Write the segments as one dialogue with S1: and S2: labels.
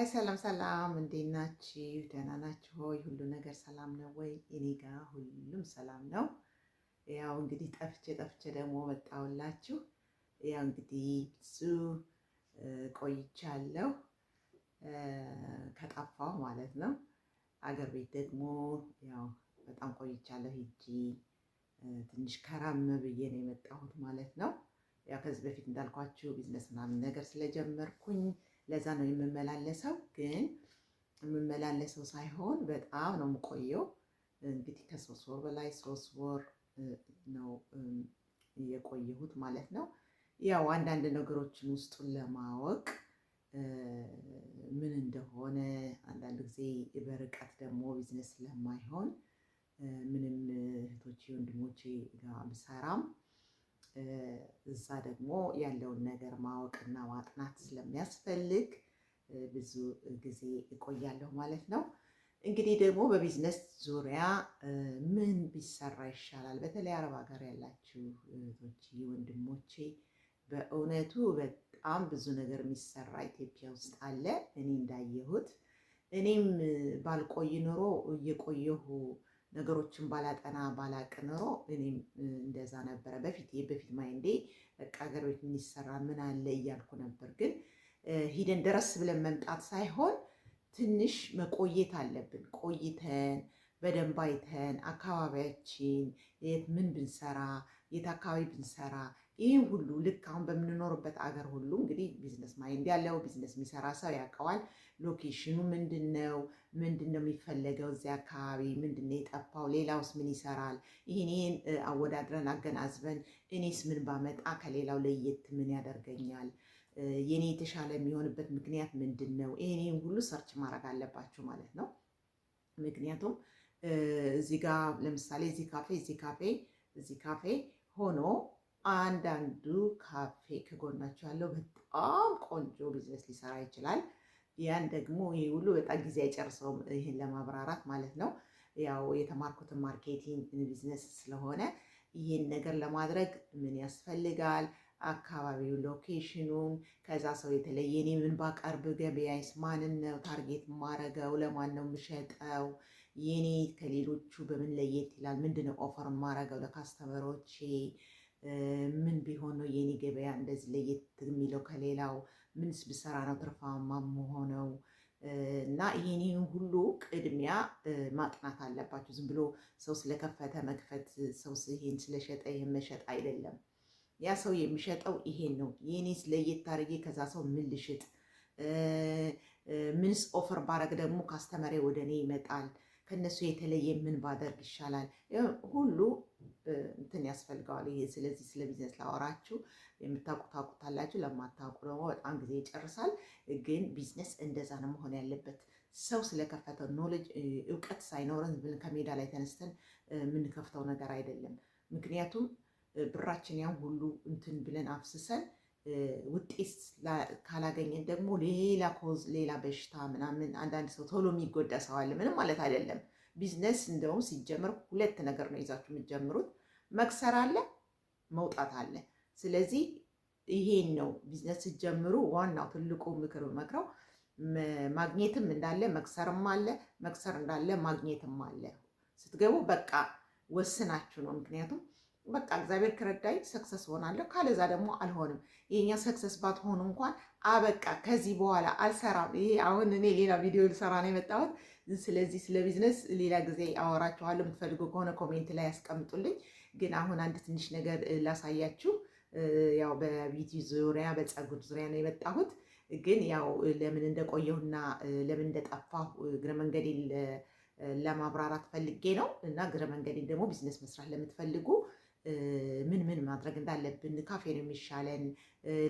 S1: አይ ሰላም ሰላም፣ እንዴት ናችሁ? ደህና ናችሁ ሆይ? ሁሉ ነገር ሰላም ነው ወይ? እኔ ጋር ሁሉም ሰላም ነው። ያው እንግዲህ ጠፍቼ ጠፍቼ ደግሞ መጣሁላችሁ። ያው እንግዲህ ብዙ ቆይቻለሁ ከጠፋሁ ማለት ነው። አገር ቤት ደግሞ ያው በጣም ቆይቻለሁ ሂጂ ትንሽ ከራም ብዬ ነው የመጣሁት ማለት ነው። ያው ከዚህ በፊት እንዳልኳችሁ ቢዝነስ ምናምን ነገር ስለጀመርኩኝ ለዛ ነው የምመላለሰው። ግን የምመላለሰው ሳይሆን በጣም ነው የምቆየው። እንግዲህ ከሶስት ወር በላይ ሶስት ወር ነው የቆየሁት ማለት ነው። ያው አንዳንድ ነገሮችን ውስጡን ለማወቅ ምን እንደሆነ አንዳንድ ጊዜ በርቀት ደግሞ ቢዝነስ ስለማይሆን ምንም እህቶቼ ወንድሞቼ ጋር ብሰራም እዛ ደግሞ ያለውን ነገር ማወቅና ማጥናት ስለሚያስፈልግ ብዙ ጊዜ እቆያለሁ ማለት ነው። እንግዲህ ደግሞ በቢዝነስ ዙሪያ ምን ቢሰራ ይሻላል? በተለይ አረብ ሀገር ያላችሁ እህቶች ወንድሞቼ፣ በእውነቱ በጣም ብዙ ነገር የሚሰራ ኢትዮጵያ ውስጥ አለ። እኔ እንዳየሁት እኔም ባልቆይ ኖሮ እየቆየሁ ነገሮችን ባላጠና ባላቅ ኖሮ እኔም እንደዛ ነበረ። በፊት በፊት ማይንዴ በቃ ሀገር ቤት የሚሰራ ምን አለ እያልኩ ነበር። ግን ሂደን ደረስ ብለን መምጣት ሳይሆን ትንሽ መቆየት አለብን። ቆይተን በደንብ አይተን አካባቢያችን የት ምን ብንሰራ የት አካባቢ ብንሰራ ይህን ሁሉ ልክ አሁን በምንኖርበት አገር ሁሉ እንግዲህ ቢዝነስ ማይንድ ያለው ቢዝነስ የሚሰራ ሰው ያውቀዋል። ሎኬሽኑ ምንድን ነው? ምንድን ነው የሚፈለገው? እዚያ አካባቢ ምንድን ነው የጠፋው? ሌላውስ ምን ይሰራል? ይህን ይህን አወዳድረን አገናዝበን እኔስ ምን ባመጣ ከሌላው ለየት ምን ያደርገኛል? የኔ የተሻለ የሚሆንበት ምክንያት ምንድን ነው? ይህን ይህን ሁሉ ሰርች ማድረግ አለባችሁ ማለት ነው። ምክንያቱም እዚህ ጋር ለምሳሌ እዚህ ካፌ እዚህ ካፌ እዚህ ካፌ ሆኖ አንዳንዱ ካፌ ከጎናቸው ያለው በጣም ቆንጆ ቢዝነስ ሊሰራ ይችላል። ያን ደግሞ ይህ ሁሉ በጣም ጊዜ አይጨርሰውም፣ ይህን ለማብራራት ማለት ነው። ያው የተማርኩትን ማርኬቲንግ ቢዝነስ ስለሆነ ይህን ነገር ለማድረግ ምን ያስፈልጋል? አካባቢው፣ ሎኬሽኑን፣ ከዛ ሰው የተለየ እኔ ምን ባቀርብ ገበያይስ ማንን ነው ታርጌት ማረገው? ለማን ነው የምሸጠው? የኔ ከሌሎቹ በምን ለየት ይላል? ምንድነው ኦፈር ማረገው ለካስተመሮቼ ምን ቢሆን ነው የኔ ገበያ እንደዚህ ለየት የሚለው ከሌላው? ምንስ ብሰራ ነው ትርፋማ መሆነው? እና ይሄን ሁሉ ቅድሚያ ማጥናት አለባቸው ዝም ብሎ ሰው ስለከፈተ መክፈት፣ ሰው ይሄን ስለሸጠ ይሄን መሸጥ አይደለም። ያ ሰው የሚሸጠው ይሄን ነው። የኔስ ለየት አድርጌ ከዛ ሰው ምን ልሽጥ? ምንስ ኦፈር ባረግ ደግሞ ካስተመሬ ወደ እኔ ይመጣል ከእነሱ የተለየ ምን ባደርግ ይሻላል ሁሉ እንትን ያስፈልገዋል። ይሄ ስለዚህ ስለ ቢዝነስ ላወራችሁ የምታውቁ ታውቁታላችሁ፣ ለማታውቁ ደግሞ በጣም ጊዜ ይጨርሳል። ግን ቢዝነስ እንደዛ ነው መሆን ያለበት። ሰው ስለከፈተው ኖሌጅ እውቀት ሳይኖረን ብን ከሜዳ ላይ ተነስተን የምንከፍተው ነገር አይደለም። ምክንያቱም ብራችን ያን ሁሉ እንትን ብለን አፍስሰን ውጤት ካላገኘን ደግሞ ሌላ ኮዝ ሌላ በሽታ ምናምን። አንዳንድ ሰው ቶሎ የሚጎዳ ሰው አለ። ምንም ማለት አይደለም። ቢዝነስ እንደውም ሲጀምር ሁለት ነገር ነው ይዛችሁ የምትጀምሩት፣ መክሰር አለ፣ መውጣት አለ። ስለዚህ ይሄን ነው ቢዝነስ ሲጀምሩ ዋናው ትልቁ ምክር መክረው ማግኘትም እንዳለ መክሰርም አለ፣ መክሰር እንዳለ ማግኘትም አለ። ስትገቡ በቃ ወስናችሁ ነው ምክንያቱም በቃ እግዚአብሔር ከረዳኝ ሰክሰስ ሆናለሁ፣ ካለዛ ደግሞ አልሆንም። ይሄኛ ሰክሰስ ባትሆኑ እንኳን አበቃ፣ ከዚህ በኋላ አልሰራም። ይሄ አሁን እኔ ሌላ ቪዲዮ ልሰራ ነው የመጣሁት። ስለዚህ ስለ ቢዝነስ ሌላ ጊዜ አወራችኋለሁ። የምትፈልጉ ከሆነ ኮሜንት ላይ ያስቀምጡልኝ። ግን አሁን አንድ ትንሽ ነገር ላሳያችሁ። ያው በቢቲ ዙሪያ በፀጉር ዙሪያ ነው የመጣሁት። ግን ያው ለምን እንደቆየሁና ለምን እንደጠፋሁ እግረ መንገዴ ለማብራራት ፈልጌ ነው እና እግረ መንገዴን ደግሞ ቢዝነስ መስራት ለምትፈልጉ ምን ምን ማድረግ እንዳለብን ካፌ ነው የሚሻለን፣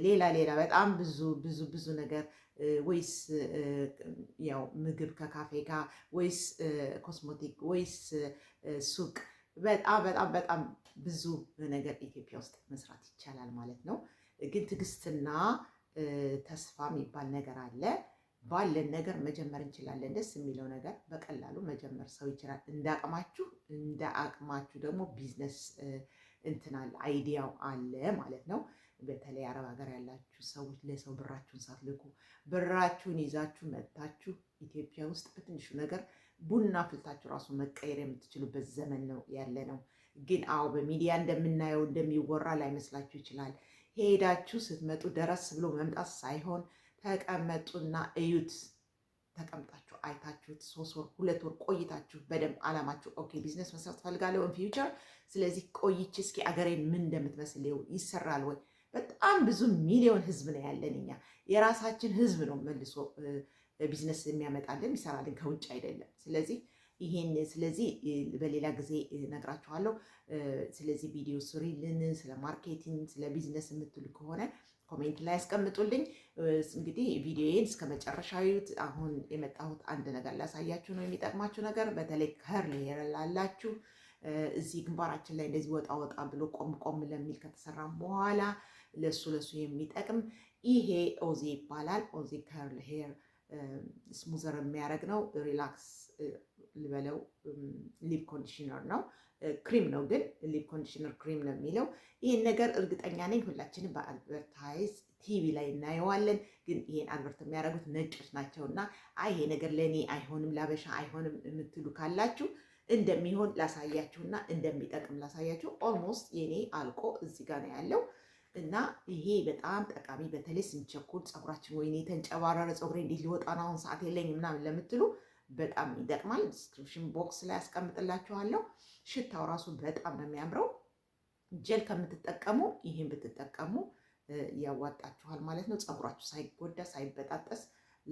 S1: ሌላ ሌላ በጣም ብዙ ብዙ ብዙ ነገር ወይስ ያው ምግብ ከካፌ ጋር ወይስ ኮስሞቲክ ወይስ ሱቅ፣ በጣም በጣም በጣም ብዙ ነገር ኢትዮጵያ ውስጥ መስራት ይቻላል ማለት ነው። ግን ትዕግስትና ተስፋ የሚባል ነገር አለ። ባለን ነገር መጀመር እንችላለን። ደስ የሚለው ነገር በቀላሉ መጀመር ሰው ይችላል። እንደ አቅማችሁ እንደ አቅማችሁ ደግሞ ቢዝነስ እንትናል አይዲያው አለ ማለት ነው። በተለይ አረብ ሀገር ያላችሁ ሰዎች ለሰው ብራችሁን ሳትልኩ ብራችሁን ይዛችሁ መጥታችሁ ኢትዮጵያ ውስጥ በትንሹ ነገር ቡና ፍልታችሁ ራሱ መቀየር የምትችሉበት ዘመን ነው ያለ ነው። ግን አዎ በሚዲያ እንደምናየው እንደሚወራ ላይመስላችሁ ይችላል። ሄዳችሁ ስትመጡ ደረስ ብሎ መምጣት ሳይሆን ተቀመጡና እዩት ተቀምጣችሁ አይታችሁት ሶስት ወር ሁለት ወር ቆይታችሁ በደንብ አላማችሁ ኦኬ ቢዝነስ መስራት ትፈልጋለሁ ኢን ፊውቸር፣ ስለዚህ ቆይቼ እስኪ አገሬን ምን እንደምትመስል ይሰራል ወይ? በጣም ብዙ ሚሊዮን ህዝብ ነው ያለን እኛ የራሳችን ህዝብ ነው መልሶ ቢዝነስ የሚያመጣልን ይሰራልን፣ ከውጭ አይደለም። ስለዚህ ይሄን ስለዚህ በሌላ ጊዜ ነግራችኋለሁ። ስለዚህ ቪዲዮ ስሪልን፣ ስለ ማርኬቲንግ፣ ስለ ቢዝነስ የምትሉ ከሆነ ኮሜንት ላይ ያስቀምጡልኝ። እንግዲህ ቪዲዮዬን እስከ መጨረሻ ዩት። አሁን የመጣሁት አንድ ነገር ላሳያችሁ ነው። የሚጠቅማችሁ ነገር በተለይ ከርል ሄር ላላችሁ እዚህ ግንባራችን ላይ እንደዚህ ወጣ ወጣ ብሎ ቆም ቆም ለሚል ከተሰራ በኋላ ለሱ ለሱ የሚጠቅም ይሄ ኦዚ ይባላል። ኦዚ ከርል ሄር ስሙዘር የሚያደርግ ነው። ሪላክስ ልበለው ሊፕ ኮንዲሽነር ነው። ክሪም ነው ግን ሊፕ ኮንዲሽነር ክሪም ነው የሚለው። ይህን ነገር እርግጠኛ ነኝ ሁላችንም በአድቨርታይዝ ቲቪ ላይ እናየዋለን። ግን ይህን አድቨርት የሚያደርጉት ነጮች ናቸው እና አይ ይሄ ነገር ለእኔ አይሆንም ላበሻ አይሆንም የምትሉ ካላችሁ እንደሚሆን እና እንደሚጠቅም ላሳያችሁ። ኦልሞስት የኔ አልቆ እዚህ ጋር ነው ያለው እና ይሄ በጣም ጠቃሚ በተለይ ስንቸኩል ፀጉራችን ወይኔ የተንጨባረረ ፀጉሬ እንዴት ሊወጣ ነው አሁን ሰዓት የለኝ ምናምን ለምትሉ በጣም ይጠቅማል። ዲስክሪፕሽን ቦክስ ላይ አስቀምጥላችኋለሁ። ሽታው ራሱ በጣም ነው የሚያምረው። ጀል ከምትጠቀሙ ይህን ብትጠቀሙ ያዋጣችኋል ማለት ነው። ፀጉራችሁ ሳይጎዳ ሳይበጣጠስ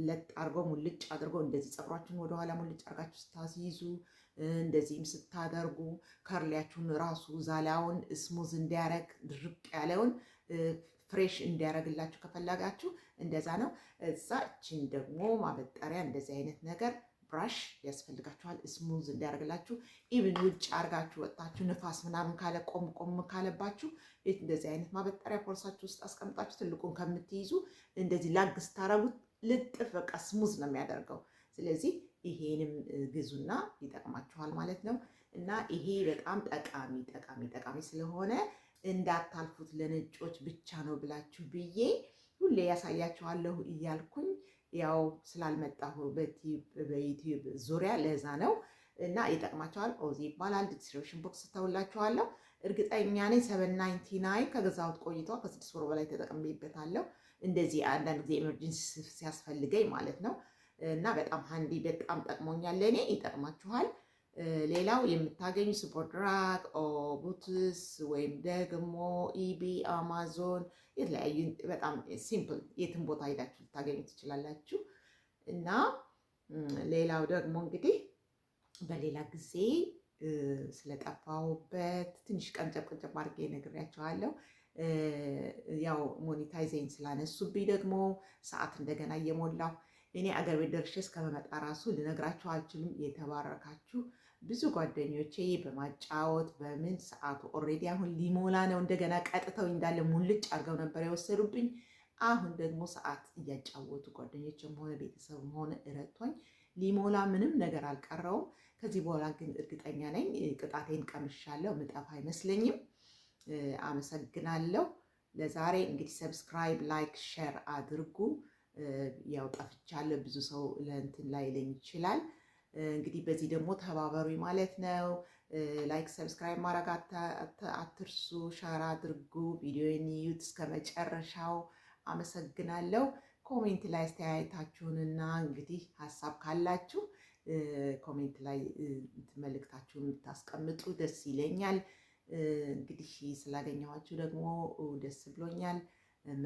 S1: ለጥ አድርጎ ሙልጭ አድርጎ እንደዚህ ፀጉራችሁን ወደኋላ ሙልጭ አድርጋችሁ ስታስይዙ እንደዚህም ስታደርጉ ከርሊያችሁን ራሱ ዛላውን ስሙዝ እንዲያረግ ድርቅ ያለውን ፍሬሽ እንዲያደረግላችሁ ከፈለጋችሁ እንደዛ ነው። እዛ እችን ደግሞ ማበጠሪያ እንደዚህ አይነት ነገር ብራሽ ያስፈልጋችኋል፣ ስሙዝ እንዲያደርግላችሁ። ኢቭን ውጭ አርጋችሁ ወጣችሁ ንፋስ ምናምን ካለ ቆም ቆም ካለባችሁ ቤት እንደዚህ አይነት ማበጠሪያ ፖርሳችሁ ውስጥ አስቀምጣችሁ ትልቁን ከምትይዙ እንደዚህ ላግ ስታረጉት ልጥፍ በቃ ስሙዝ ነው የሚያደርገው። ስለዚህ ይሄንም ግዙና ይጠቅማችኋል ማለት ነው። እና ይሄ በጣም ጠቃሚ ጠቃሚ ጠቃሚ ስለሆነ እንዳታልፉት ለነጮች ብቻ ነው ብላችሁ ብዬ ሁሌ ያሳያችኋለሁ እያልኩኝ ያው ስላልመጣሁ በዩቲዩብ ዙሪያ ለዛ ነው እና ይጠቅማቸዋል። ኦዚ ይባላል። ዲስክሪፕሽን ቦክስ ስተውላችኋለሁ። እርግጠኛ ነኝ ሰቨን ናይንቲ ከገዛሁት ቆይቷ ከስድስት ወር በላይ ተጠቅሜበታለሁ። እንደዚህ አንዳንድ ጊዜ ኤመርጀንሲ ሲያስፈልገኝ ማለት ነው እና በጣም ሀንዲ በጣም ጠቅሞኛል። ለእኔ ይጠቅማችኋል። ሌላው የምታገኙ ስፖርድራክ ቡትስ ወይም ደግሞ ኢቢ አማዞን የተለያዩ በጣም ሲምፕል የትን ቦታ ሄዳችሁ ልታገኙ ትችላላችሁ። እና ሌላው ደግሞ እንግዲህ በሌላ ጊዜ ስለጠፋሁበት ትንሽ ቀንጨብ ቀንጨብ አድርጌ ነግሬያቸዋለሁ። ያው ሞኔታይዜን ስላነሱብኝ ደግሞ ሰዓት እንደገና እየሞላሁ እኔ አገር ቤት ደርሼ እስከመመጣ ራሱ ልነግራችሁ አልችልም። የተባረካችሁ ብዙ ጓደኞቼ በማጫወት በምን ሰዓቱ ኦልሬዲ አሁን ሊሞላ ነው። እንደገና ቀጥተው እንዳለ ሙልጭ አድርገው ነበር የወሰዱብኝ። አሁን ደግሞ ሰዓት እያጫወቱ ጓደኞችም ሆነ ቤተሰብም ሆነ እረቶኝ ሊሞላ ምንም ነገር አልቀረውም። ከዚህ በኋላ ግን እርግጠኛ ነኝ ቅጣቴን ቀምሻለሁ፣ ምጠፋ አይመስለኝም። አመሰግናለሁ። ለዛሬ እንግዲህ ሰብስክራይብ፣ ላይክ፣ ሼር አድርጉ። ያው ጠፍቻለሁ። ብዙ ሰው ለእንትን ላይ ይለኝ ይችላል እንግዲህ በዚህ ደግሞ ተባበሩ ማለት ነው። ላይክ ሰብስክራይብ ማድረግ አትርሱ። ሸር አድርጉ። ቪዲዮን እዩት እስከ መጨረሻው። አመሰግናለሁ። ኮሜንት ላይ አስተያየታችሁንና እንግዲህ ሀሳብ ካላችሁ ኮሜንት ላይ መልእክታችሁን የምታስቀምጡ ደስ ይለኛል። እንግዲህ ስላገኘኋችሁ ደግሞ ደስ ብሎኛል።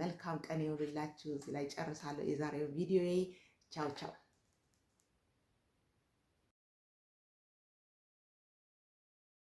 S1: መልካም ቀን ይሁንላችሁ። እዚህ ላይ ጨርሳለሁ የዛሬው ቪዲዮ። ቻው ቻው።